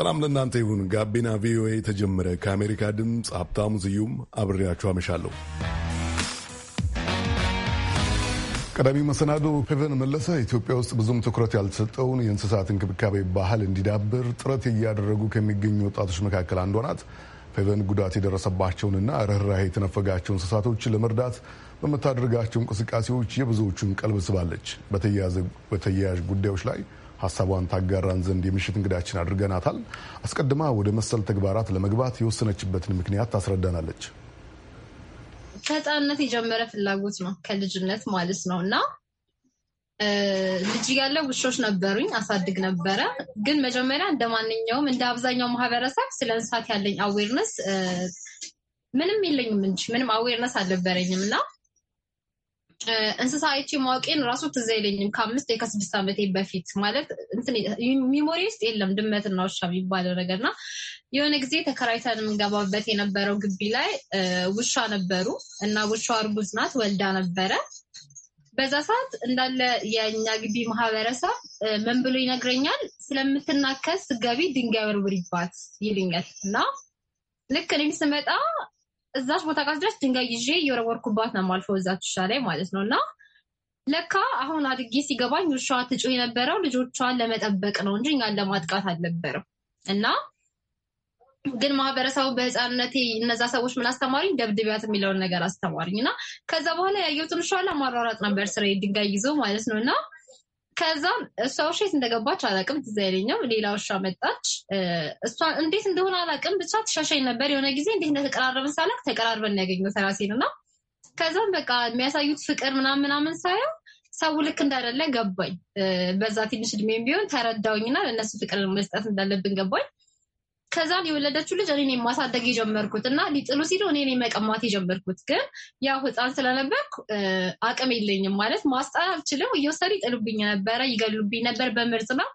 ሰላም ለእናንተ ይሁን። ጋቢና ቪኦኤ የተጀመረ ከአሜሪካ ድምፅ ሀብታሙ ስዩም አብሬያችሁ አመሻለሁ። ቀዳሚ መሰናዶ ፔቨን መለሰ ኢትዮጵያ ውስጥ ብዙም ትኩረት ያልተሰጠውን የእንስሳት እንክብካቤ ባህል እንዲዳብር ጥረት እያደረጉ ከሚገኙ ወጣቶች መካከል አንዷ ናት። ፔቨን ጉዳት የደረሰባቸውንና ርኅራሄ የተነፈጋቸው እንስሳቶች ለመርዳት በምታደርጋቸው እንቅስቃሴዎች የብዙዎቹን ቀልብ ስባለች። በተያያዥ ጉዳዮች ላይ ሀሳቧን ታጋራን ዘንድ የምሽት እንግዳችን አድርገናታል። አስቀድማ ወደ መሰል ተግባራት ለመግባት የወሰነችበትን ምክንያት ታስረዳናለች። ከህፃንነት የጀመረ ፍላጎት ነው፣ ከልጅነት ማለት ነው እና ልጅ ያለ ውሾች ነበሩኝ፣ አሳድግ ነበረ። ግን መጀመሪያ እንደ ማንኛውም እንደ አብዛኛው ማህበረሰብ ስለ እንስሳት ያለኝ አዌርነስ ምንም የለኝም እንጂ ምንም አዌርነስ አልነበረኝም እና እንስሳ አይቼ ማወቄን ራሱ ትዝ አይለኝም። ከአምስት ከስድስት ዓመቴ በፊት ማለት ሚሞሪ ውስጥ የለም ድመትና ውሻ የሚባለው ነገር እና የሆነ ጊዜ ተከራይተን የምንገባበት የነበረው ግቢ ላይ ውሻ ነበሩ እና ውሻ እርጉዝ ናት ወልዳ ነበረ። በዛ ሰዓት እንዳለ የእኛ ግቢ ማህበረሰብ ምን ብሎ ይነግረኛል፣ ስለምትናከስ ገቢ ድንጋይ ወርውሪባት ይልኛል እና ልክ እኔም ስመጣ እዛች ቦታ ጋር ድረስ ድንጋይ ይዤ እየወረወርኩባት ነው የማልፈው እዛች ውሻ ላይ ማለት ነው። እና ለካ አሁን አድጌ ሲገባኝ ውሻ ትጮህ የነበረው ልጆቿን ለመጠበቅ ነው እንጂ እኛን ለማጥቃት አልነበረም። እና ግን ማህበረሰቡ በህፃንነቴ እነዛ ሰዎች ምን አስተማሪኝ፣ ደብድቢያት የሚለውን ነገር አስተማሪኝ። እና ከዛ በኋላ ያየሁትን ውሻ ለማሯሯጥ ነበር ስራ ድንጋይ ይዞ ማለት ነው እና ከዛም እሷ ውሻት እንደገባች አላቅም ትዝ አይለኝም። ሌላ ውሻ መጣች። እሷ እንዴት እንደሆነ አላቅም ብቻ ትሻሻኝ ነበር። የሆነ ጊዜ እንዴት እንደተቀራረብን ሳላቅ ተቀራርበን ያገኘው ተራሴን እና ከዛም በቃ የሚያሳዩት ፍቅር ምናምን ምናምን ሳየው ሰው ልክ እንዳደለ ገባኝ። በዛ ትንሽ እድሜም ቢሆን ተረዳውኝና ለእነሱ ፍቅር መስጠት እንዳለብን ገባኝ። ከዛን የወለደችው ልጅ እኔ ማሳደግ የጀመርኩት እና ሊጥሉ ሲሉ እኔ መቀማት የጀመርኩት ግን ያው ህፃን ስለነበርኩ አቅም የለኝም ማለት ማስጠር አልችልም። እየወሰዱ ይጥሉብኝ ነበረ፣ ይገሉብኝ ነበር በምርጥ ነው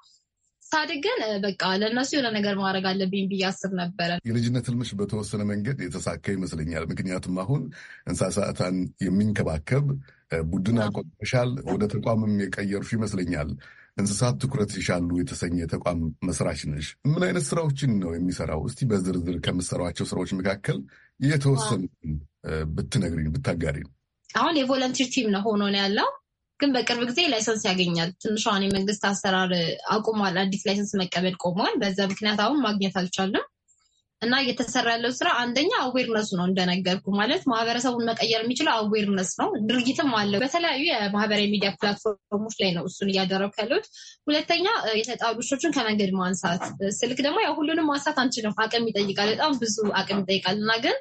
ሳድግ ግን በቃ ለእነሱ የሆነ ነገር ማድረግ አለብኝ ብዬ አስብ ነበረ። የልጅነት ህልምሽ በተወሰነ መንገድ የተሳካ ይመስለኛል። ምክንያቱም አሁን እንስሳትን የሚንከባከብ ቡድን አቋቁመሻል። ወደ ተቋምም የቀየርሹ ይመስለኛል። እንስሳት ትኩረት ይሻሉ የተሰኘ ተቋም መስራች ነሽ። ምን አይነት ስራዎችን ነው የሚሰራው? እስቲ በዝርዝር ከምሰሯቸው ስራዎች መካከል የተወሰኑ ብትነግሪን ብታጋሪን። አሁን የቮለንቲር ቲም ነው ሆኖ ነው ያለው ግን በቅርብ ጊዜ ላይሰንስ ያገኛል። ትንሿን የመንግስት አሰራር አቁሟል። አዲስ ላይሰንስ መቀበል ቆሟል። በዛ ምክንያት አሁን ማግኘት አልቻለም እና እየተሰራ ያለው ስራ አንደኛ አዌርነሱ ነው እንደነገርኩ ማለት ማህበረሰቡን መቀየር የሚችለው አዌርነስ ነው። ድርጊትም አለው በተለያዩ የማህበራዊ ሚዲያ ፕላትፎርሞች ላይ ነው እሱን እያደረጉ ያለሁት። ሁለተኛ የተጣሉ ውሾችን ከመንገድ ማንሳት፣ ስልክ ደግሞ ያው ሁሉንም ማንሳት አንችልም። አቅም ይጠይቃል፣ በጣም ብዙ አቅም ይጠይቃል እና ግን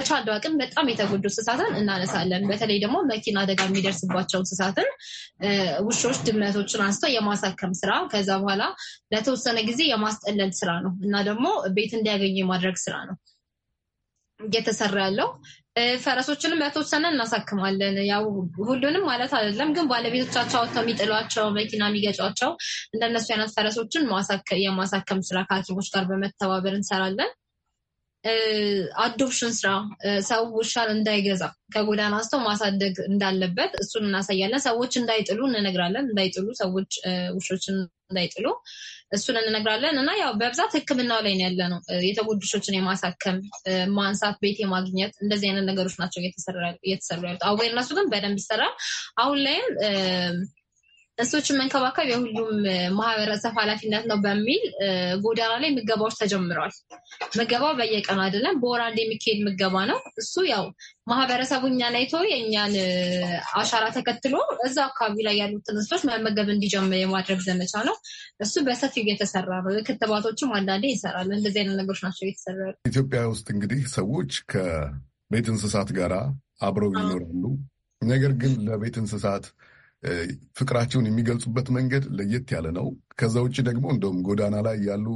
በተቻለ አቅም በጣም የተጎዱ እንስሳትን እናነሳለን። በተለይ ደግሞ መኪና አደጋ የሚደርስባቸው እንስሳትን ውሾች፣ ድመቶችን አንስቶ የማሳከም ስራ ከዛ በኋላ ለተወሰነ ጊዜ የማስጠለል ስራ ነው እና ደግሞ ቤት እንዲያገኙ የማድረግ ስራ ነው እየተሰራ ያለው። ፈረሶችንም በተወሰነ እናሳክማለን። ያው ሁሉንም ማለት አይደለም፣ ግን ባለቤቶቻቸው አውጥተው የሚጥሏቸው መኪና የሚገጫቸው እንደነሱ አይነት ፈረሶችን የማሳከም ስራ ከሐኪሞች ጋር በመተባበር እንሰራለን። አዶፕሽን ስራ ሰው ውሻን እንዳይገዛ ከጎዳና አንስቶ ማሳደግ እንዳለበት እሱን እናሳያለን። ሰዎች እንዳይጥሉ እንነግራለን። እንዳይጥሉ ሰዎች ውሾችን እንዳይጥሉ እሱን እንነግራለን እና ያው በብዛት ሕክምናው ላይ ያለ ነው። የተጎዱ ውሾችን የማሳከም ማንሳት፣ ቤት የማግኘት እንደዚህ አይነት ነገሮች ናቸው እየተሰሩ ያሉት። አሁ እነሱ ግን በደንብ ይሰራል። አሁን ላይም እንስሶችን መንከባከብ የሁሉም ማህበረሰብ ኃላፊነት ነው በሚል ጎዳና ላይ ምገባዎች ተጀምረዋል። ምገባው በየቀኑ አይደለም፣ በወር አንድ የሚካሄድ ምገባ ነው። እሱ ያው ማህበረሰቡ እኛን አይቶ የእኛን አሻራ ተከትሎ እዛ አካባቢ ላይ ያሉት እንስሶች መመገብ እንዲጀምር የማድረግ ዘመቻ ነው። እሱ በሰፊው እየተሰራ ነው። ክትባቶችም አንዳንዴ ይሰራል። እንደዚህ አይነት ነገሮች ናቸው እየተሰራ ኢትዮጵያ ውስጥ እንግዲህ ሰዎች ከቤት እንስሳት ጋር አብረው ይኖራሉ። ነገር ግን ለቤት እንስሳት ፍቅራቸውን የሚገልጹበት መንገድ ለየት ያለ ነው። ከዛ ውጭ ደግሞ እንደውም ጎዳና ላይ ያሉ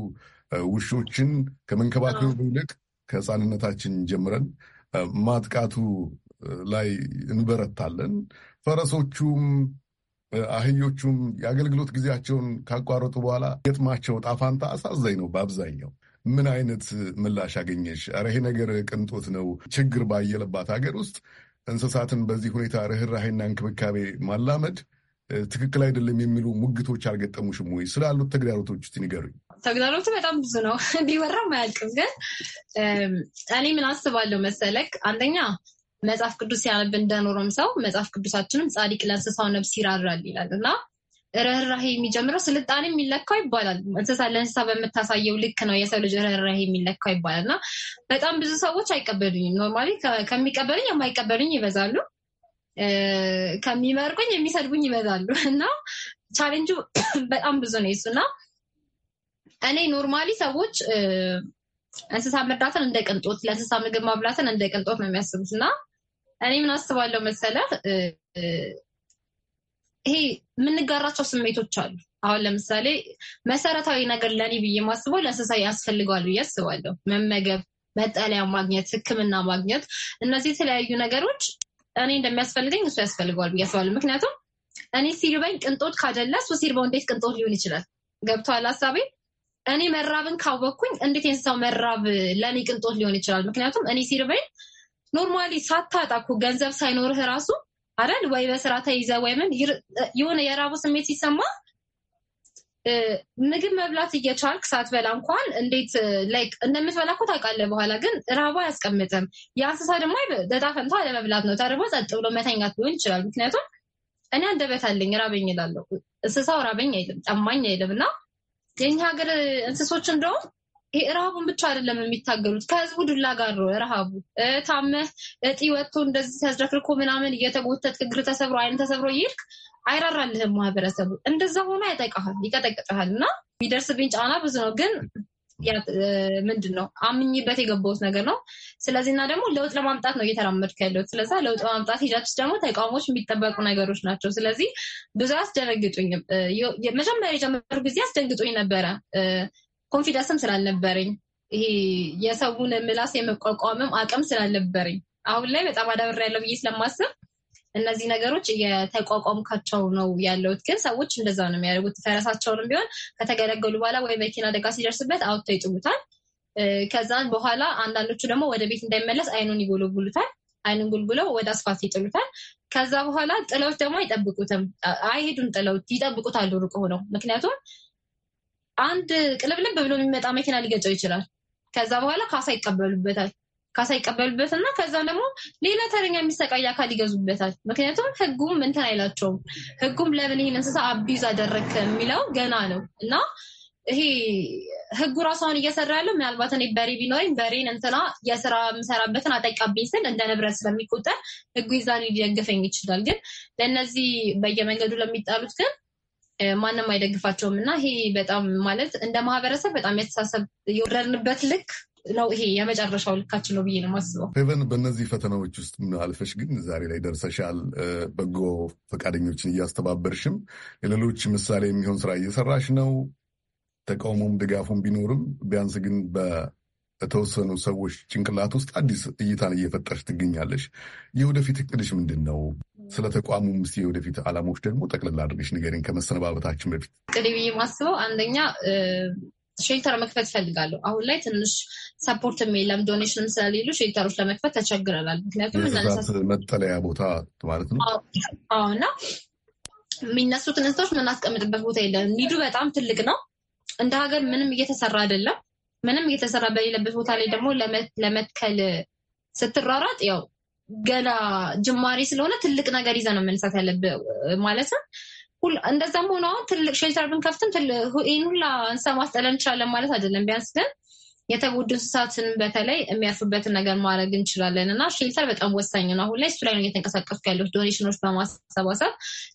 ውሾችን ከመንከባከብ ይልቅ ከህፃንነታችን ጀምረን ማጥቃቱ ላይ እንበረታለን። ፈረሶቹም አህዮቹም የአገልግሎት ጊዜያቸውን ካቋረጡ በኋላ ገጥማቸው ጣፋንታ አሳዛኝ ነው። በአብዛኛው ምን አይነት ምላሽ አገኘሽ? ኧረ ይሄ ነገር ቅንጦት ነው። ችግር ባየለባት ሀገር ውስጥ እንስሳትን በዚህ ሁኔታ ርኅራሄና እንክብካቤ ማላመድ ትክክል አይደለም የሚሉ ሙግቶች አልገጠሙሽም ወይ? ስላሉት ተግዳሮቶች ውስጥ ንገሩኝ። ተግዳሮቱ በጣም ብዙ ነው፣ ቢወራም አያልቅም። ግን እኔ ምን አስባለሁ መሰለክ፣ አንደኛ መጽሐፍ ቅዱስ ሲያነብ እንደኖረም ሰው መጽሐፍ ቅዱሳችንም ጻድቅ ለእንስሳው ነብስ ይራራል ይላል እና ርህራሄ የሚጀምረው ስልጣኔ የሚለካው ይባላል እንስሳ ለእንስሳ በምታሳየው ልክ ነው የሰው ልጅ ርህራሄ የሚለካው ይባላል እና በጣም ብዙ ሰዎች አይቀበሉኝም። ኖርማሊ ከሚቀበሉኝ የማይቀበሉኝ ይበዛሉ፣ ከሚመርቁኝ የሚሰድቡኝ ይበዛሉ እና ቻሌንጁ በጣም ብዙ ነው የሱ እና እኔ ኖርማሊ ሰዎች እንስሳ መርዳትን እንደ ቅንጦት፣ ለእንስሳ ምግብ ማብላትን እንደ ቅንጦት ነው የሚያስቡት እና እኔ ምን አስባለው መሰለህ ይሄ የምንጋራቸው ስሜቶች አሉ። አሁን ለምሳሌ መሰረታዊ ነገር ለኔ ብዬ ማስበው ለእንስሳ ያስፈልገዋል ብዬ አስባለሁ። መመገብ፣ መጠለያ ማግኘት፣ ሕክምና ማግኘት፣ እነዚህ የተለያዩ ነገሮች እኔ እንደሚያስፈልገኝ እሱ ያስፈልገዋል ብዬ አስባለሁ። ምክንያቱም እኔ ሲርበኝ ቅንጦት ካደለ እሱ ሲርበው እንዴት ቅንጦት ሊሆን ይችላል? ገብቶሃል ሀሳቤ? እኔ መራብን ካወቅኩኝ እንዴት የእንስሳው መራብ ለእኔ ቅንጦት ሊሆን ይችላል? ምክንያቱም እኔ ሲርበኝ ኖርማሊ ሳታጣኩ ገንዘብ ሳይኖርህ ራሱ አይደል ወይ በስራ ተይዘ ወይ ምን የሆነ የራቡ ስሜት ሲሰማ ምግብ መብላት እየቻልክ ሳትበላ እንኳን እንዴት ላይክ እንደምትበላ እኮ ታውቃለህ። በኋላ ግን ራቡ አያስቀምጥም። የእንስሳ ደግሞ በጣ ፈንታ ለመብላት ነው። ተርቦ ጸጥ ብሎ መተኛት ሊሆን ይችላል። ምክንያቱም እኔ አንደበት አለኝ ራበኝ እላለሁ። እንስሳው ራበኝ አይልም፣ ጠማኝ አይልም። እና የእኛ ሀገር እንስሶች እንደውም ይሄ ረሃቡን ብቻ አይደለም የሚታገሉት ከህዝቡ ዱላ ጋር ነው። ረሃቡ ታመህ እጢ ወጥቶ እንደዚህ ተዝረክርኮ ምናምን እየተጎተት እግር ተሰብሮ አይን ተሰብሮ ይልክ አይራራልህም። ማህበረሰቡ እንደዛ ሆኖ አይጠቃሃል፣ ይቀጠቅጠሃል። እና የሚደርስብኝ ጫና ብዙ ነው ግን ምንድን ነው አምኝበት የገባሁት ነገር ነው። ስለዚህ እና ደግሞ ለውጥ ለማምጣት ነው እየተራመድኩ ያለሁት። ስለዛ ለውጥ ለማምጣት ሂዳችሁ ደግሞ ተቃውሞች የሚጠበቁ ነገሮች ናቸው። ስለዚህ ብዙ አያስደነግጡኝም። መጀመሪያ የጀመሩ ጊዜ አስደንግጦኝ ነበረ። ኮንፊደንስም ስላልነበረኝ ይሄ የሰውን ምላስ የመቋቋምም አቅም ስላልነበረኝ አሁን ላይ በጣም አዳብሬ ያለው ብዬ ስለማስብ እነዚህ ነገሮች እየተቋቋምካቸው ነው ያለሁት። ግን ሰዎች እንደዛ ነው የሚያደርጉት። ፈረሳቸውንም ቢሆን ከተገለገሉ በኋላ ወይ መኪና አደጋ ሲደርስበት አውጥተው ይጥሉታል። ከዛ በኋላ አንዳንዶቹ ደግሞ ወደ ቤት እንዳይመለስ አይኑን ይጎለጉሉታል። አይኑን ጉልጉለው ወደ አስፋልት ይጥሉታል። ከዛ በኋላ ጥለውት ደግሞ አይጠብቁትም፣ አይሄዱም። ጥለውት ይጠብቁታሉ ሩቅ ሆነው። ምክንያቱም አንድ ቅልብልብ ብሎ የሚመጣ መኪና ሊገጨው ይችላል። ከዛ በኋላ ካሳ ይቀበሉበታል። ካሳ ይቀበሉበት እና ከዛም ደግሞ ሌላ ተረኛ የሚሰቃይ አካል ይገዙበታል። ምክንያቱም ህጉም እንትን አይላቸውም። ህጉም ለምን ይህን እንስሳ አቢዝ አደረግ የሚለው ገና ነው እና ይሄ ህጉ ራሷን እየሰራ ያለው ምናልባት እኔ በሬ ቢኖረኝ በሬን እንትና የስራ የምሰራበትን አጠቃብኝ ስል እንደ ንብረት ስለሚቆጠር ህጉ ይዛን ሊደግፈኝ ይችላል። ግን ለእነዚህ በየመንገዱ ለሚጣሉት ግን ማንም አይደግፋቸውም እና ይሄ በጣም ማለት እንደ ማህበረሰብ በጣም የተሳሰብ የወረድንበት ልክ ነው። ይሄ የመጨረሻው ልካችን ነው ብዬ ነው ማስበው። ሄቨን፣ በእነዚህ ፈተናዎች ውስጥ አልፈሽ ግን ዛሬ ላይ ደርሰሻል። በጎ ፈቃደኞችን እያስተባበርሽም ሌሎች ምሳሌ የሚሆን ስራ እየሰራሽ ነው። ተቃውሞም ድጋፉም ቢኖርም ቢያንስ ግን በተወሰኑ ሰዎች ጭንቅላት ውስጥ አዲስ እይታን እየፈጠረች ትገኛለች። የወደፊት እቅድሽ ምንድን ነው? ስለ ተቋሙ ምስ የወደፊት አላማዎች ደግሞ ጠቅልላ አድርገሽ ንገሪኝ ከመሰነባበታችን በፊት። ቅድ ብዬ ማስበው አንደኛ ሼልተር መክፈት እፈልጋለሁ። አሁን ላይ ትንሽ ሰፖርትም የለም፣ ዶኔሽንም ስለሌሉ ሼልተሮች ለመክፈት ተቸግረናል። ምክንያቱም መጠለያ ቦታ ማለት ነው እና የሚነሱትን እንስቶች ምናስቀምጥበት ቦታ የለም። ኒዱ በጣም ትልቅ ነው። እንደ ሀገር ምንም እየተሰራ አይደለም። ምንም እየተሰራ በሌለበት ቦታ ላይ ደግሞ ለመትከል ስትራራጥ ያው ገና ጅማሬ ስለሆነ ትልቅ ነገር ይዘ ነው መነሳት ያለብ ማለት ነው። እንደዛም ሆኖ አሁን ትልቅ ሼልተር ብንከፍትም ይህን ሁላ እንስሳ ማስጠለል እንችላለን ማለት አይደለም። ቢያንስ ግን የተጎዱ እንስሳትን በተለይ የሚያርፉበትን ነገር ማድረግ እንችላለን እና ሼልተር በጣም ወሳኝ ነው። አሁን ላይ እሱ ላይ ነው እየተንቀሳቀሱ ያሉት ዶኔሽኖች በማሰባሰብ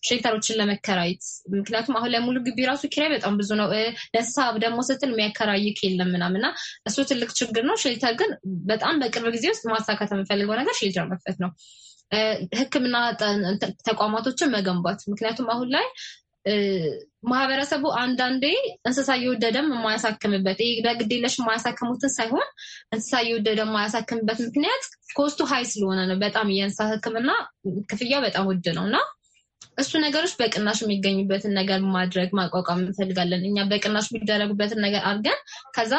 ሼልተሮችን ለመከራየት ምክንያቱም አሁን ላይ ሙሉ ግቢ ራሱ ኪራይ በጣም ብዙ ነው። ለእንስሳ ደግሞ ስትል የሚያከራይክ የለም ምናምን እና እሱ ትልቅ ችግር ነው። ሼልተር ግን በጣም በቅርብ ጊዜ ውስጥ ማሳካት የምፈልገው ነገር ሼልተር መክፈት ነው። ሕክምና ተቋማቶችን መገንባት ምክንያቱም አሁን ላይ ማህበረሰቡ አንዳንዴ እንስሳ እየወደደም የማያሳክምበት ይህ በግዴለሽ የማያሳክሙትን ሳይሆን እንስሳ እየወደደ የማያሳክምበት ምክንያት ኮስቱ ሀይ ስለሆነ ነው። በጣም የእንስሳ ሕክምና ክፍያ በጣም ውድ ነው እና እሱ ነገሮች በቅናሽ የሚገኙበትን ነገር ማድረግ ማቋቋም እንፈልጋለን። እኛ በቅናሽ የሚደረጉበትን ነገር አድርገን ከዛ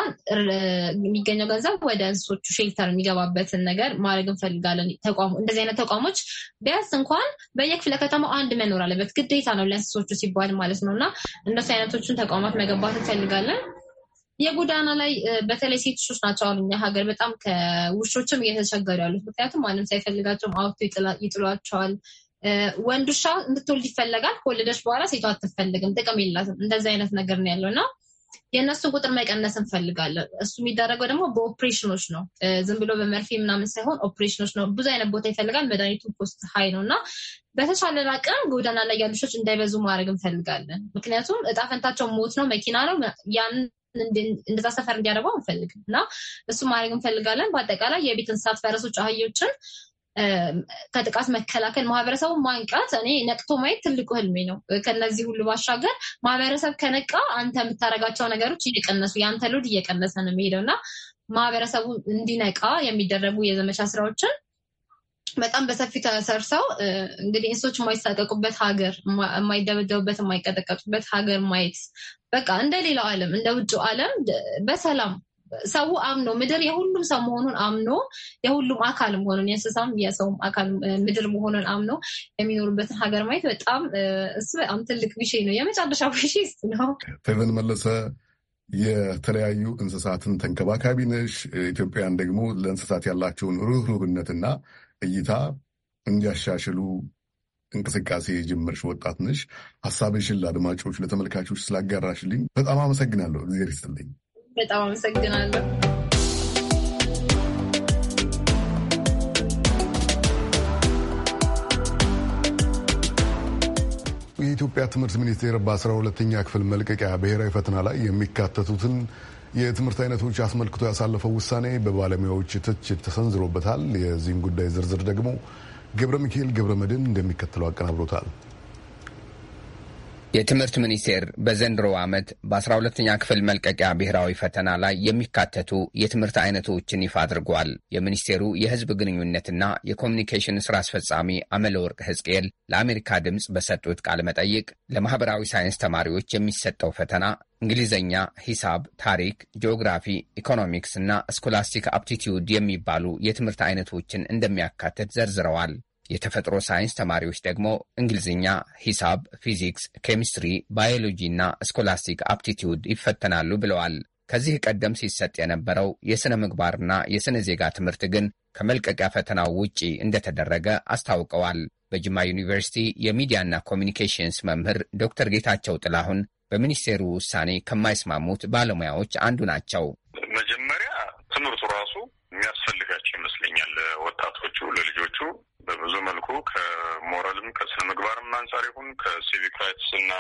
የሚገኘው ገንዘብ ወደ እንስሶቹ ሼልተር የሚገባበትን ነገር ማድረግ እንፈልጋለን። ተቋሙ እንደዚህ አይነት ተቋሞች ቢያንስ እንኳን በየክፍለ ከተማው አንድ መኖር አለበት፣ ግዴታ ነው ለእንስሶቹ ሲባል ማለት ነው። እና እንደሱ አይነቶችን ተቋማት መገባት እንፈልጋለን። የጎዳና ላይ በተለይ ሴት ውሾች ናቸው። አሉ እኛ ሀገር በጣም ከውሾችም እየተቸገሩ ያሉት ምክንያቱም ማንም ሳይፈልጋቸውም አውቶ ይጥሏቸዋል። ወንድ ውሻ እንድትወልድ ይፈለጋል። ከወለደች በኋላ ሴቷ አትፈልግም፣ ጥቅም የላትም። እንደዚህ አይነት ነገር ነው ያለው እና የእነሱን ቁጥር መቀነስ እንፈልጋለን። እሱ የሚደረገው ደግሞ በኦፕሬሽኖች ነው፣ ዝም ብሎ በመርፌ ምናምን ሳይሆን ኦፕሬሽኖች ነው። ብዙ አይነት ቦታ ይፈልጋል። መድኃኒቱ ኮስት ሀይ ነው እና በተቻለን አቅም ጎዳና ላይ ያሉ እንዳይበዙ ማድረግ እንፈልጋለን። ምክንያቱም እጣ ፈንታቸው ሞት ነው፣ መኪና ነው። ያን እንደዛ ሰፈር እንዲያደርገው እንፈልግም እና እሱ ማድረግ እንፈልጋለን። በአጠቃላይ የቤት እንስሳት ፈረሶች፣ አህዮችን ከጥቃት መከላከል ማህበረሰቡን ማንቃት እኔ ነቅቶ ማየት ትልቁ ህልሜ ነው። ከነዚህ ሁሉ ባሻገር ማህበረሰብ ከነቃ አንተ የምታደርጋቸው ነገሮች እየቀነሱ የአንተ ሎድ እየቀነሰ ነው የሚሄደው እና ማህበረሰቡ እንዲነቃ የሚደረጉ የዘመቻ ስራዎችን በጣም በሰፊው ተሰርሰው እንግዲህ እንስሶች የማይሳቀቁበት ሀገር፣ የማይደበደቡበት፣ የማይቀጠቀጡበት ሀገር ማየት በቃ እንደ ሌላው ዓለም እንደ ውጭ ዓለም በሰላም ሰው አምኖ ምድር የሁሉም ሰው መሆኑን አምኖ የሁሉም አካል መሆኑን የእንስሳም የሰውም አካል ምድር መሆኑን አምኖ የሚኖሩበትን ሀገር ማየት በጣም እሱ በጣም ትልቅ ቢሼ ነው። የመጨረሻ ቢሼ ነው። ፌቨን መለሰ የተለያዩ እንስሳትን ተንከባካቢ ነሽ። ኢትዮጵያን ደግሞ ለእንስሳት ያላቸውን ርኅሩህነትና እይታ እንዲያሻሽሉ እንቅስቃሴ የጀመርሽ ወጣት ነሽ። ሀሳብሽን ለአድማጮች ለተመልካቾች ስላጋራሽልኝ በጣም አመሰግናለሁ። እግዚአብሔር ይስጥልኝ። በጣም አመሰግናለሁ። የኢትዮጵያ ትምህርት ሚኒስቴር በአስራ ሁለተኛ ክፍል መልቀቂያ ብሔራዊ ፈተና ላይ የሚካተቱትን የትምህርት አይነቶች አስመልክቶ ያሳለፈው ውሳኔ በባለሙያዎች ትችት ተሰንዝሮበታል። የዚህን ጉዳይ ዝርዝር ደግሞ ገብረ ሚካኤል ገብረ መድን እንደሚከተለው አቀናብሮታል። የትምህርት ሚኒስቴር በዘንድሮ ዓመት በ12ኛ ክፍል መልቀቂያ ብሔራዊ ፈተና ላይ የሚካተቱ የትምህርት አይነቶችን ይፋ አድርጓል። የሚኒስቴሩ የሕዝብ ግንኙነትና የኮሚኒኬሽን ሥራ አስፈጻሚ አመለወርቅ ሕዝቅኤል ለአሜሪካ ድምፅ በሰጡት ቃለ መጠይቅ ለማኅበራዊ ሳይንስ ተማሪዎች የሚሰጠው ፈተና እንግሊዝኛ፣ ሂሳብ፣ ታሪክ፣ ጂኦግራፊ፣ ኢኮኖሚክስ እና ስኮላስቲክ አፕቲቲዩድ የሚባሉ የትምህርት አይነቶችን እንደሚያካትት ዘርዝረዋል። የተፈጥሮ ሳይንስ ተማሪዎች ደግሞ እንግሊዝኛ፣ ሂሳብ፣ ፊዚክስ፣ ኬሚስትሪ፣ ባዮሎጂ እና ስኮላስቲክ አፕቲቲዩድ ይፈተናሉ ብለዋል። ከዚህ ቀደም ሲሰጥ የነበረው የሥነ ምግባርና የሥነ ዜጋ ትምህርት ግን ከመልቀቂያ ፈተናው ውጪ እንደተደረገ አስታውቀዋል። በጅማ ዩኒቨርሲቲ የሚዲያና ኮሚኒኬሽንስ መምህር ዶክተር ጌታቸው ጥላሁን በሚኒስቴሩ ውሳኔ ከማይስማሙት ባለሙያዎች አንዱ ናቸው። መጀመሪያ ትምህርቱ ራሱ የሚያስፈልጋቸው ይመስለኛል። ወጣቶቹ ለልጆቹ በብዙ መልኩ ከሞራልም ከስነ ምግባርም አንጻር ይሁን ከሲቪክ ራይትስ እና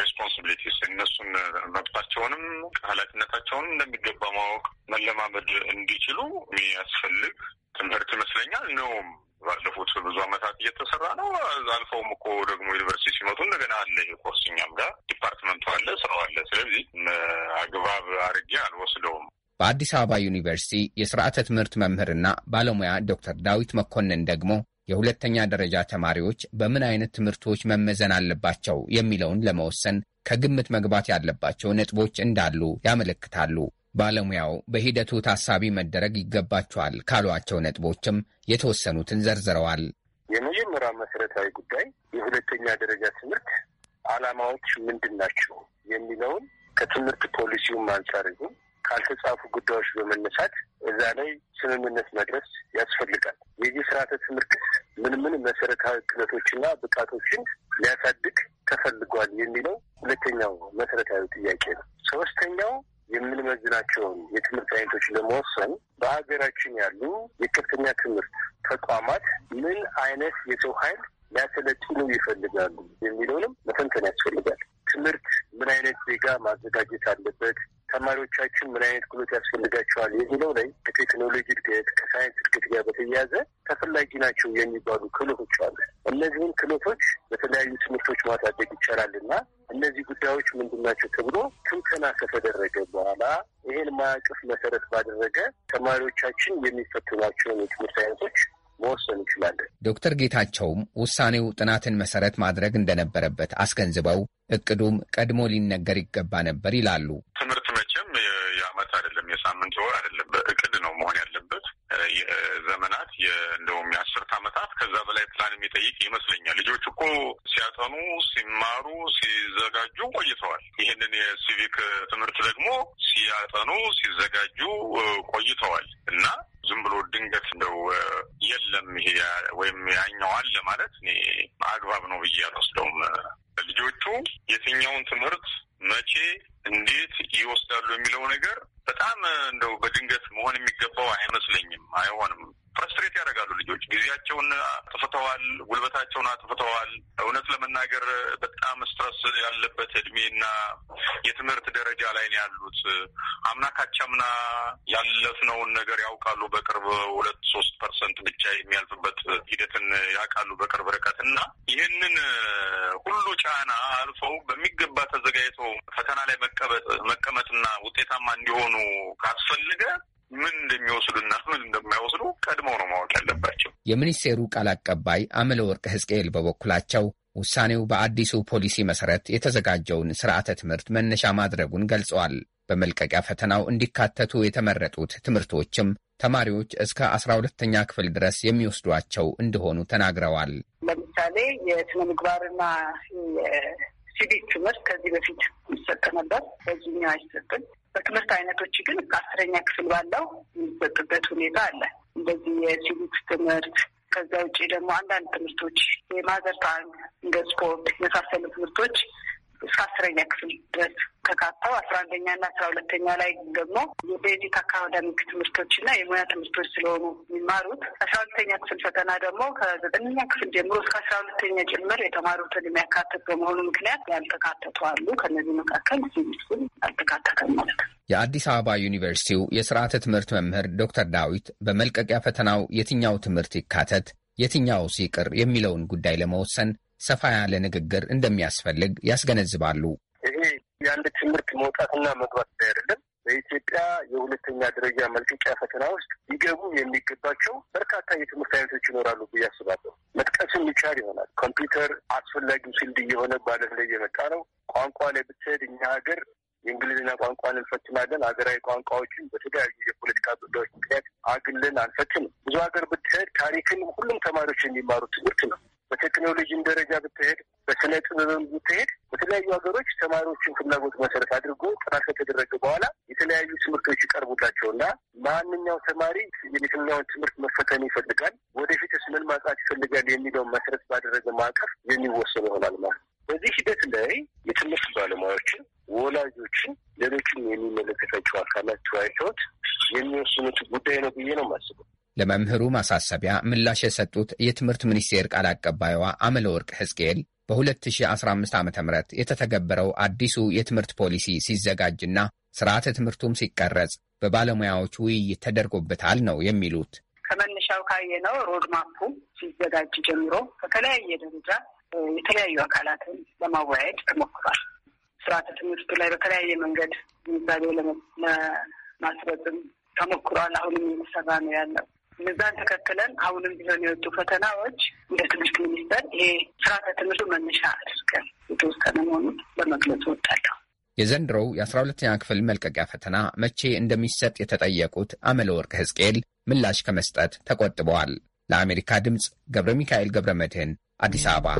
ሬስፖንሲቢሊቲስ እነሱን መብታቸውንም ኃላፊነታቸውን እንደሚገባ ማወቅ መለማመድ እንዲችሉ የሚያስፈልግ ትምህርት ይመስለኛል ነውም። ባለፉት ብዙ ዓመታት እየተሰራ ነው። አልፈውም እኮ ደግሞ ዩኒቨርሲቲ ሲመጡ እንደገና አለ ይሄ ኮርስ እኛም ጋር ዲፓርትመንቱ አለ፣ ስራው አለ። ስለዚህ አግባብ አድርጌ አልወስደውም። በአዲስ አበባ ዩኒቨርሲቲ የስርዓተ ትምህርት መምህርና ባለሙያ ዶክተር ዳዊት መኮንን ደግሞ የሁለተኛ ደረጃ ተማሪዎች በምን አይነት ትምህርቶች መመዘን አለባቸው የሚለውን ለመወሰን ከግምት መግባት ያለባቸው ነጥቦች እንዳሉ ያመለክታሉ። ባለሙያው በሂደቱ ታሳቢ መደረግ ይገባቸዋል ካሏቸው ነጥቦችም የተወሰኑትን ዘርዝረዋል። የመጀመሪያ መሰረታዊ ጉዳይ የሁለተኛ ደረጃ ትምህርት ዓላማዎች ምንድን ናቸው የሚለውን ከትምህርት ፖሊሲውም አንጻር ይሁን ካልተጻፉ ጉዳዮች በመነሳት እዛ ላይ ስምምነት መድረስ ያስፈልጋል። የዚህ ስርዓተ ትምህርት ምን ምን መሰረታዊ ክለቶችና ብቃቶችን ሊያሳድግ ተፈልጓል የሚለው ሁለተኛው መሰረታዊ ጥያቄ ነው። ሶስተኛው የምንመዝናቸውን የትምህርት አይነቶች ለመወሰን በሀገራችን ያሉ የከፍተኛ ትምህርት ተቋማት ምን አይነት የሰው ኃይል ሊያሰለጥኑ ይፈልጋሉ የሚለውንም መተንተን ያስፈልጋል። ትምህርት ምን አይነት ዜጋ ማዘጋጀት አለበት? ተማሪዎቻችን ምን አይነት ክህሎት ያስፈልጋቸዋል የሚለው ላይ ከቴክኖሎጂ እድገት ከሳይንስ እድገት ጋር በተያያዘ ተፈላጊ ናቸው የሚባሉ ክህሎቶች አሉ። እነዚህን ክህሎቶች በተለያዩ ትምህርቶች ማሳደግ ይቻላል እና እነዚህ ጉዳዮች ምንድን ናቸው ተብሎ ትንተና ከተደረገ በኋላ ይህን ማዕቀፍ መሰረት ባደረገ ተማሪዎቻችን የሚፈትኗቸውን የትምህርት አይነቶች መወሰን እንችላለን። ዶክተር ጌታቸውም ውሳኔው ጥናትን መሰረት ማድረግ እንደነበረበት አስገንዝበው እቅዱም ቀድሞ ሊነገር ይገባ ነበር ይላሉ። ትምህርት እንደውም የአስርት ዓመታት ከዛ በላይ ፕላን የሚጠይቅ ይመስለኛል። ልጆች እኮ ሲያጠኑ፣ ሲማሩ፣ ሲዘጋጁ ቆይተዋል። ይህንን የሲቪክ ትምህርት ደግሞ ሲያጠኑ፣ ሲዘጋጁ ቆይተዋል እና ዝም ብሎ ድንገት እንደው የለም ይሄ ወይም ያኛው አለ ማለት እኔ አግባብ ነው ብዬ አልወስደውም። ልጆቹ የትኛውን ትምህርት መቼ፣ እንዴት ይወስዳሉ የሚለው ነገር በጣም እንደው በድንገት መሆን የሚገባው አይመስለኝም፣ አይሆንም። ፍረስትሬት ያደርጋሉ ልጆች ጊዜያቸውን አጥፍተዋል፣ ጉልበታቸውን አጥፍተዋል። እውነት ለመናገር በጣም ስትረስ ያለበት እድሜና የትምህርት ደረጃ ላይ ነው ያሉት። አምና ካቻምና ያለፍነውን ነገር ያውቃሉ። በቅርብ ሁለት ሶስት ፐርሰንት ብቻ የሚያልፍበት ሂደትን ያውቃሉ በቅርብ ርቀት እና ይህንን ሁሉ ጫና አልፈው በሚገባ ተዘጋጅተው ፈተና ላይ መቀመጥና ውጤታማ እንዲሆኑ ካስፈልገ ምን እንደሚወስዱና ምን እንደማይወስዱ ቀድሞ ነው ማወቅ ያለባቸው። የሚኒስቴሩ ቃል አቀባይ ወርቅ ህዝቅኤል በበኩላቸው ውሳኔው በአዲሱ ፖሊሲ መሰረት የተዘጋጀውን ስርዓተ ትምህርት መነሻ ማድረጉን ገልጸዋል። በመልቀቂያ ፈተናው እንዲካተቱ የተመረጡት ትምህርቶችም ተማሪዎች እስከ አስራ ሁለተኛ ክፍል ድረስ የሚወስዷቸው እንደሆኑ ተናግረዋል። ለምሳሌ የስነ ምግባርና ሲቪክ ትምህርት ከዚህ በፊት ይሰጥ ነበር፣ በዚህኛው አይሰጥም። በትምህርት አይነቶች ግን እስከ አስረኛ ክፍል ባለው የሚሰጥበት ሁኔታ አለ። እንደዚህ የሲቪክስ ትምህርት ከዛ ውጭ ደግሞ አንዳንድ ትምህርቶች የማዘር ታንግ እንደ ስፖርት የመሳሰሉ ትምህርቶች እስከ አስረኛ ክፍል ድረስ ተካተው አስራ አንደኛ እና አስራ ሁለተኛ ላይ ደግሞ የቤዚክ አካዳሚክ ትምህርቶች እና የሙያ ትምህርቶች ስለሆኑ የሚማሩት አስራ ሁለተኛ ክፍል ፈተና ደግሞ ከዘጠነኛ ክፍል ጀምሮ እስከ አስራ ሁለተኛ ጭምር የተማሩትን የሚያካትት በመሆኑ ምክንያት ያልተካተቱ አሉ። ከነዚህ መካከል ሲቪክስም አልተካተተም ማለት ነው። የአዲስ አበባ ዩኒቨርሲቲው የስርዓተ ትምህርት መምህር ዶክተር ዳዊት በመልቀቂያ ፈተናው የትኛው ትምህርት ይካተት፣ የትኛው ሲቅር የሚለውን ጉዳይ ለመወሰን ሰፋ ያለ ንግግር እንደሚያስፈልግ ያስገነዝባሉ። ይሄ የአንድ ትምህርት መውጣትና መግባት ላይ አይደለም። በኢትዮጵያ የሁለተኛ ደረጃ መልቀቂያ ፈተና ውስጥ ሊገቡ የሚገባቸው በርካታ የትምህርት አይነቶች ይኖራሉ ብዬ አስባለሁ። መጥቀስም ይቻል ይሆናል። ኮምፒውተር አስፈላጊው ፊልድ እየሆነ ባለም ላይ እየመጣ ነው። ቋንቋ ላይ ብትሄድ እኛ ሀገር የእንግሊዝኛ ቋንቋን እንፈትናለን፣ ሀገራዊ ቋንቋዎችን በተለያዩ የፖለቲካ ጉዳዮች ምክንያት አግለን አንፈትንም። ብዙ ሀገር ብትሄድ ታሪክን ሁሉም ተማሪዎች የሚማሩ ትምህርት ነው። በቴክኖሎጂም ደረጃ ብትሄድ፣ በስነ ጥበብም ብትሄድ በተለያዩ ሀገሮች ተማሪዎችን ፍላጎት መሰረት አድርጎ ጥናት ከተደረገ በኋላ የተለያዩ ትምህርቶች ይቀርቡላቸው እና ማንኛው ተማሪ የትኛውን ትምህርት መፈተን ይፈልጋል፣ ወደፊትስ ምን ማጥናት ይፈልጋል የሚለውን መሰረት ባደረገ ማዕቀፍ የሚወሰኑ ይሆናል ማለት ነው። በዚህ ሂደት ላይ የትምህርት ባለሙያዎችን ወላጆችን ሌሎችም የሚመለከታቸው አካላት ተወያይተውት የሚወስኑት ጉዳይ ነው ብዬ ነው የማስበው። ለመምህሩ ማሳሰቢያ ምላሽ የሰጡት የትምህርት ሚኒስቴር ቃል አቀባይዋ አመለወርቅ ሕዝቅኤል በ2015 ዓ ም የተተገበረው አዲሱ የትምህርት ፖሊሲ ሲዘጋጅና ስርዓተ ትምህርቱም ሲቀረጽ በባለሙያዎች ውይይት ተደርጎበታል ነው የሚሉት። ከመነሻው ካየነው ሮድማፑ ሲዘጋጅ ጀምሮ ከተለያየ ደረጃ የተለያዩ አካላትን ለማወያየት ተሞክሯል። ስርዓተ ትምህርቱ ላይ በተለያየ መንገድ ግንዛቤ ለማስረጽም ተሞክሯል። አሁንም የሚሰራ ነው ያለው። እነዛን ተከትለን አሁንም ቢሆን የወጡ ፈተናዎች እንደ ትምህርት ሚኒስቴር ይሄ ስርዓተ ትምህርቱ መነሻ አድርገን የተወሰነ መሆኑን ለመግለጽ እወዳለሁ። የዘንድሮው የአስራ ሁለተኛ ክፍል መልቀቂያ ፈተና መቼ እንደሚሰጥ የተጠየቁት አመለ ወርቅ ህዝቅኤል ምላሽ ከመስጠት ተቆጥበዋል። ለአሜሪካ ድምፅ ገብረ ሚካኤል ገብረ መድህን አዲስ አበባ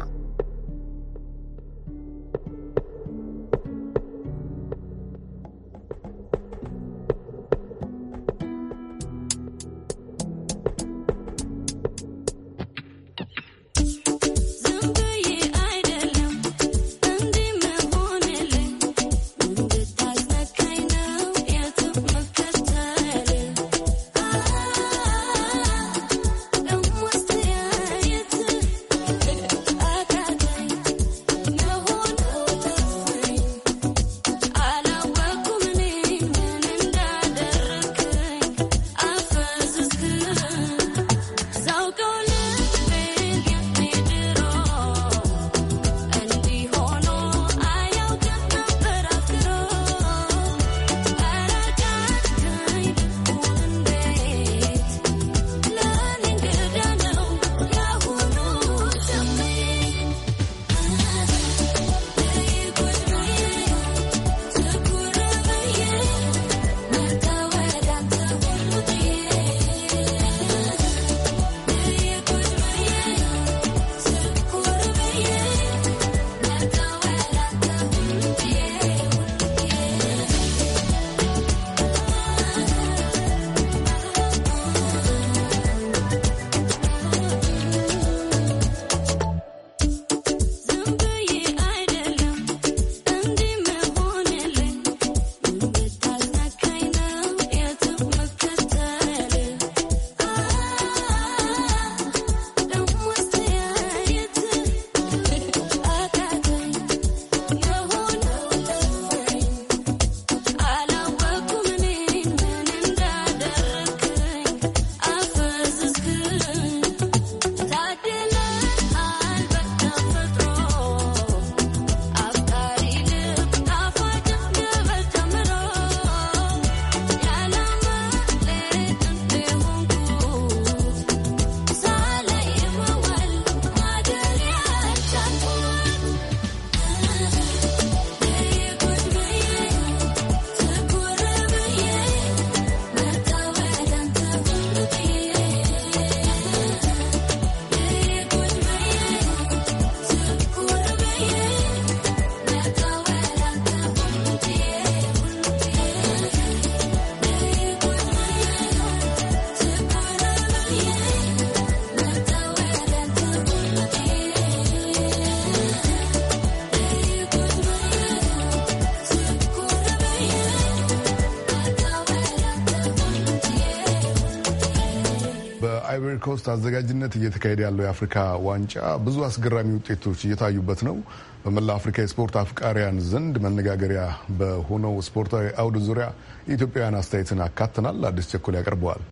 መንግስት አዘጋጅነት እየተካሄደ ያለው የአፍሪካ ዋንጫ ብዙ አስገራሚ ውጤቶች እየታዩበት ነው። በመላ አፍሪካ የስፖርት አፍቃሪያን ዘንድ መነጋገሪያ በሆነው ስፖርታዊ አውድ ዙሪያ የኢትዮጵያውያን አስተያየትን አካተናል። አዲስ ቸኮል ያቀርበዋል።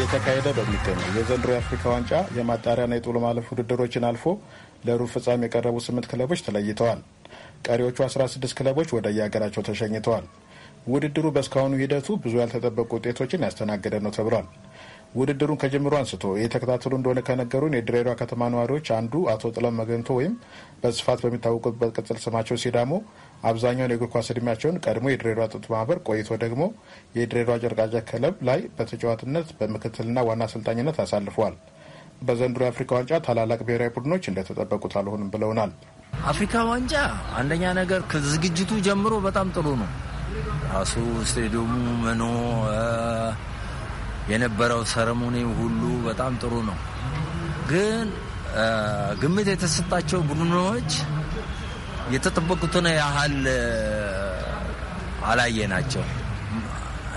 እየተካሄደ በሚገኘው የዘንድሮ የአፍሪካ ዋንጫ የማጣሪያና የጥሎ ማለፍ ውድድሮችን አልፎ ለሩብ ፍጻሜ የቀረቡ ስምንት ክለቦች ተለይተዋል። ቀሪዎቹ 16 ክለቦች ወደ የሀገራቸው ተሸኝተዋል። ውድድሩ በእስካሁኑ ሂደቱ ብዙ ያልተጠበቁ ውጤቶችን ያስተናገደ ነው ተብሏል። ውድድሩን ከጅምሩ አንስቶ የተከታተሉ እንደሆነ ከነገሩን የድሬዳዋ ከተማ ነዋሪዎች አንዱ አቶ ጥለም መገንቶ ወይም በስፋት በሚታወቁበት ቅጽል ስማቸው ሲዳሞ አብዛኛውን የእግር ኳስ እድሜያቸውን ቀድሞ የድሬዳዋ ጥጥ ማህበር ቆይቶ ደግሞ የድሬዳዋ ጨርቃጫ ክለብ ላይ በተጫዋትነት በምክትልና ዋና አሰልጣኝነት አሳልፈዋል። በዘንድሮ የአፍሪካ ዋንጫ ታላላቅ ብሔራዊ ቡድኖች እንደተጠበቁት አልሆንም ብለውናል። አፍሪካ ዋንጫ አንደኛ ነገር ከዝግጅቱ ጀምሮ በጣም ጥሩ ነው። ራሱ ስቴዲየሙ ምኖ የነበረው ሰረሞኒ ሁሉ በጣም ጥሩ ነው። ግን ግምት የተሰጣቸው ቡድኖች የተጠበቁትን ያህል አላየ ናቸው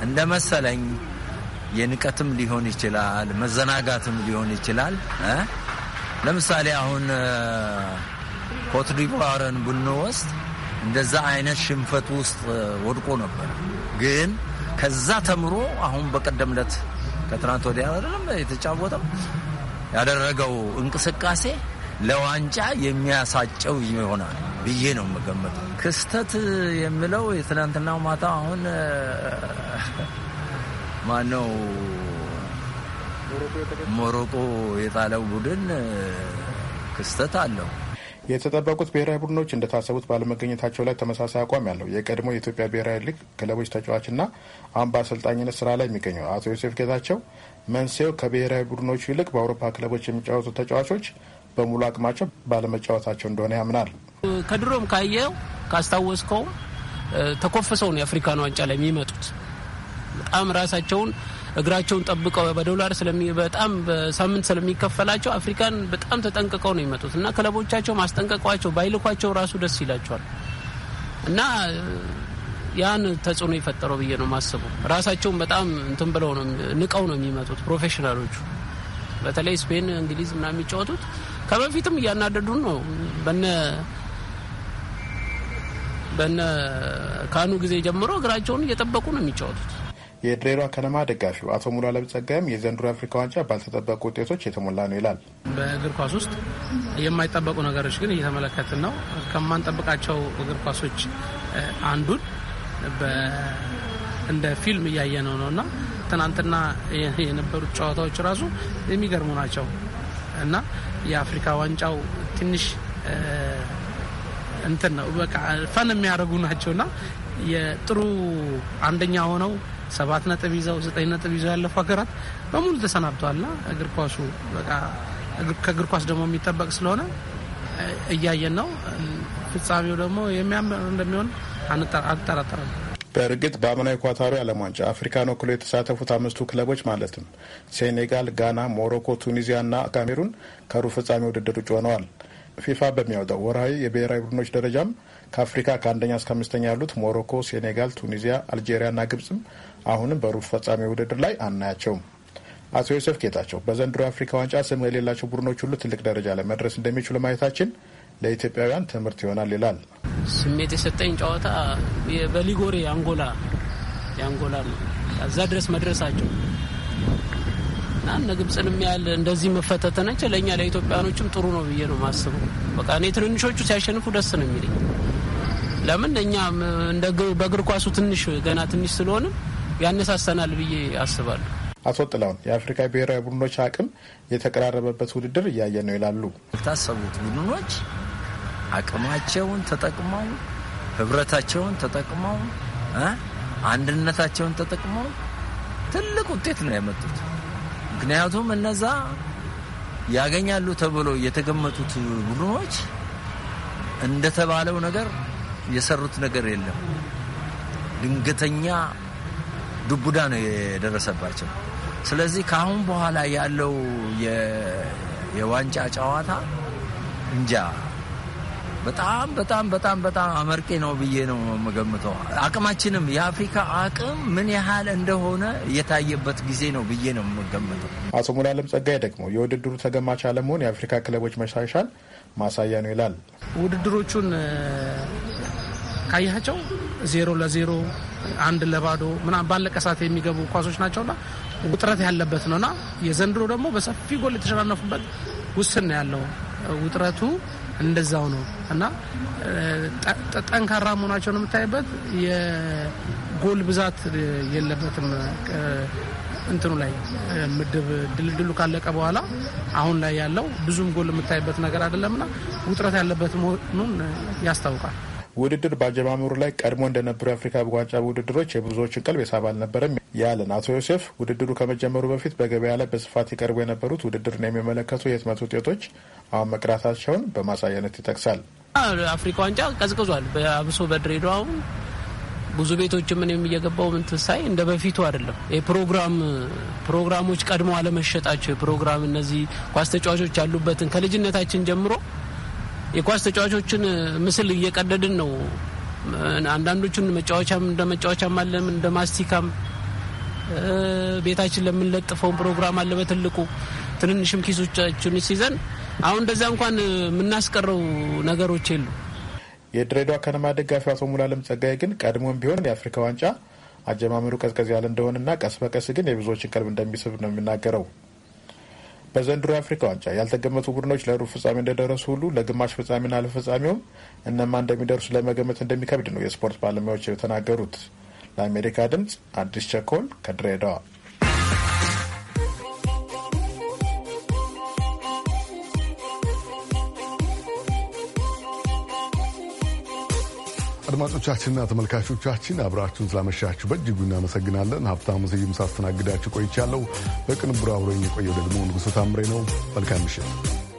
እንደ መሰለኝ። የንቀትም ሊሆን ይችላል፣ መዘናጋትም ሊሆን ይችላል። ለምሳሌ አሁን ኮትዲቯርን ብንወስድ እንደዛ አይነት ሽንፈት ውስጥ ወድቆ ነበር። ግን ከዛ ተምሮ አሁን በቀደም ዕለት ከትናንት ወዲያ አይደለም የተጫወተው ያደረገው እንቅስቃሴ ለዋንጫ የሚያሳጨው ይሆናል። ብዬ ነው የምገምተው። ክስተት የምለው የትናንትናው ማታ አሁን ማነው ሞሮቆ የጣለው ቡድን ክስተት አለው። የተጠበቁት ብሔራዊ ቡድኖች እንደታሰቡት ባለመገኘታቸው ላይ ተመሳሳይ አቋም ያለው የቀድሞ የኢትዮጵያ ብሔራዊ ሊግ ክለቦች ተጫዋችና አምባ አሰልጣኝነት ስራ ላይ የሚገኘው አቶ ዮሴፍ ጌታቸው መንስኤው ከብሔራዊ ቡድኖቹ ይልቅ በአውሮፓ ክለቦች የሚጫወቱ ተጫዋቾች በሙሉ አቅማቸው ባለመጫወታቸው እንደሆነ ያምናል። ከድሮም ካየው ካስታወስከው ተኮፍሰው የአፍሪካን ዋንጫ ላይ የሚመጡት። በጣም ራሳቸውን እግራቸውን ጠብቀው በዶላር በጣም በሳምንት ስለሚከፈላቸው አፍሪካን በጣም ተጠንቅቀው ነው የሚመጡት እና ክለቦቻቸው ማስጠንቀቋቸው ባይልኳቸው ራሱ ደስ ይላቸዋል እና ያን ተጽዕኖ የፈጠረው ብዬ ነው ማስበው። ራሳቸውን በጣም እንትን ብለው ነው ንቀው ነው የሚመጡት ፕሮፌሽናሎቹ በተለይ ስፔን፣ እንግሊዝ ምናምን የሚጫወቱት ከበፊትም እያናደዱን ነው። በነ በነ ካኑ ጊዜ ጀምሮ እግራቸውን እየጠበቁ ነው የሚጫወቱት። የድሬዳዋ ከነማ ደጋፊው አቶ ሙላ ለብጸጋይም የዘንድሮ የአፍሪካ ዋንጫ ባልተጠበቁ ውጤቶች የተሞላ ነው ይላል። በእግር ኳስ ውስጥ የማይጠበቁ ነገሮች ግን እየተመለከትን ነው። ከማንጠብቃቸው እግር ኳሶች አንዱን እንደ ፊልም እያየነው ነው እና ትናንትና የነበሩት ጨዋታዎች ራሱ የሚገርሙ ናቸው እና የአፍሪካ ዋንጫው ትንሽ እንትን ነው በቃ ፈን የሚያደርጉ እና የጥሩ አንደኛ ሆነው ሰባት ነጥብ ይዘው ዘጠኝ ነጥብ ይዘው ያለፉ ሀገራት በሙሉ ተሰናብተዋልና እግር ኳሱ በቃ ከእግር ኳስ ደግሞ የሚጠበቅ ስለሆነ እያየን ነው። ፍጻሜው ደግሞ የሚያምር እንደሚሆን አንጠራጠራለን። በእርግጥ በአምናዊ ኳታሪ ዓለም ዋንጫ አፍሪካን ወክሎ የተሳተፉት አምስቱ ክለቦች ማለትም ሴኔጋል፣ ጋና፣ ሞሮኮ፣ ቱኒዚያ ና ካሜሩን ከሩብ ፍጻሜ ውድድር ውጭ ሆነዋል። ፊፋ በሚያወጣው ወርሃዊ የብሔራዊ ቡድኖች ደረጃም ከአፍሪካ ከአንደኛ እስከ አምስተኛ ያሉት ሞሮኮ፣ ሴኔጋል፣ ቱኒዚያ፣ አልጄሪያ ና ግብጽም አሁንም በሩብ ፍጻሜ ውድድር ላይ አናያቸውም። አቶ ዮሴፍ ጌታቸው በዘንድሮ የአፍሪካ ዋንጫ ስም የሌላቸው ቡድኖች ሁሉ ትልቅ ደረጃ ለመድረስ እንደሚችሉ ማየታችን ለኢትዮጵያውያን ትምህርት ይሆናል ይላል። ስሜት የሰጠኝ ጨዋታ በሊጎሬ አንጎላ የአንጎላ ነው። እዛ ድረስ መድረሳቸው እና እነ ግብፅንም ያህል እንደዚህ ነች ለእኛ ለኢትዮጵያኖችም ጥሩ ነው ብዬ ነው ማስበው። በቃ እኔ ትንንሾቹ ሲያሸንፉ ደስ ነው የሚለኝ። ለምን እኛም በእግር ኳሱ ትንሽ ገና ትንሽ ስለሆንም ያነሳሰናል ብዬ አስባለሁ። አቶ ጥላውን የአፍሪካ ብሔራዊ ቡድኖች አቅም የተቀራረበበት ውድድር እያየ ነው ይላሉ። የታሰቡት ቡድኖች አቅማቸውን ተጠቅመው ህብረታቸውን ተጠቅመው አንድነታቸውን ተጠቅመው ትልቅ ውጤት ነው ያመጡት። ምክንያቱም እነዛ ያገኛሉ ተብሎ የተገመቱት ቡድኖች እንደተባለው ነገር የሰሩት ነገር የለም። ድንገተኛ ዱቡዳ ነው የደረሰባቸው። ስለዚህ ከአሁን በኋላ ያለው የዋንጫ ጨዋታ እንጃ በጣም በጣም በጣም በጣም አመርቄ ነው ብዬ ነው የምገምተው። አቅማችንም የአፍሪካ አቅም ምን ያህል እንደሆነ የታየበት ጊዜ ነው ብዬ ነው የምገምተው። አቶ አለም ጸጋይ ደግሞ የውድድሩ ተገማች አለመሆን የአፍሪካ ክለቦች መሻሻል ማሳያ ነው ይላል። ውድድሮቹን ካያቸው ዜሮ ለዜሮ አንድ ለባዶ ምናምን ባለቀ ሰዓት የሚገቡ ኳሶች ናቸውና ውጥረት ያለበት ነውና የዘንድሮ ደግሞ በሰፊ ጎል የተሸናነፉበት ውስን ነው ያለው ውጥረቱ እንደዛው ነው እና ጠንካራ መሆናቸውን የምታይበት የጎል ብዛት የለበትም። እንትኑ ላይ ምድብ ድልድሉ ካለቀ በኋላ አሁን ላይ ያለው ብዙም ጎል የምታይበት ነገር አይደለምና ውጥረት ያለበት መሆኑን ያስታውቃል። ውድድር በአጀማመሩ ላይ ቀድሞ እንደነበሩ የአፍሪካ ዋንጫ ውድድሮች የብዙዎችን ቀልብ የሳብ አልነበረም ያለን አቶ ዮሴፍ ውድድሩ ከመጀመሩ በፊት በገበያ ላይ በስፋት ይቀርቡ የነበሩት ውድድርን የሚመለከቱ የህትመት ውጤቶች አሁን መቅራታቸውን በማሳያነት ይጠቅሳል። አፍሪካ ዋንጫ ቀዝቅዟል። አብሶ በድሬዳዋ አሁን ብዙ ቤቶች ምን የሚየገባው ምን ትሳይ እንደ በፊቱ አይደለም። የፕሮግራም ፕሮግራሞች ቀድሞ አለመሸጣቸው የፕሮግራም እነዚህ ኳስ ተጫዋቾች ያሉበትን ከልጅነታችን ጀምሮ የኳስ ተጫዋቾችን ምስል እየቀደድን ነው። አንዳንዶቹን መጫወቻም እንደ መጫወቻም አለም እንደ ማስቲካም ቤታችን ለምንለጥፈውን ፕሮግራም አለ በትልቁ ትንንሽም ኪሶቻችን ሲይዘን አሁን እንደዚያ እንኳን የምናስቀረው ነገሮች የሉ። የድሬዳዋ ከነማ ደጋፊ አቶ ሙላለም ጸጋይ ግን ቀድሞም ቢሆን የአፍሪካ ዋንጫ አጀማመሩ ቀዝቀዝ ያለ እንደሆነና ቀስ በቀስ ግን የብዙዎችን ቀልብ እንደሚስብ ነው የሚናገረው። በዘንድሮ የአፍሪካ ዋንጫ ያልተገመቱ ቡድኖች ለሩብ ፍጻሜ እንደደረሱ ሁሉ ለግማሽ ፍጻሜና ለፍጻሜውም እነማ እንደሚደርሱ ለመገመት እንደሚከብድ ነው የስፖርት ባለሙያዎች የተናገሩት። ለአሜሪካ ድምጽ አዲስ ቸኮል ከድሬዳዋ አድማጮቻችንና ተመልካቾቻችን አብራችሁን ስላመሻችሁ በእጅጉ እናመሰግናለን። ሀብታሙ ስዩም ሳስተናግዳችሁ ቆይቻለሁ። በቅንብሩ አብሮኝ የቆየው ደግሞ ንጉሥ ታምሬ ነው። መልካም ምሽት።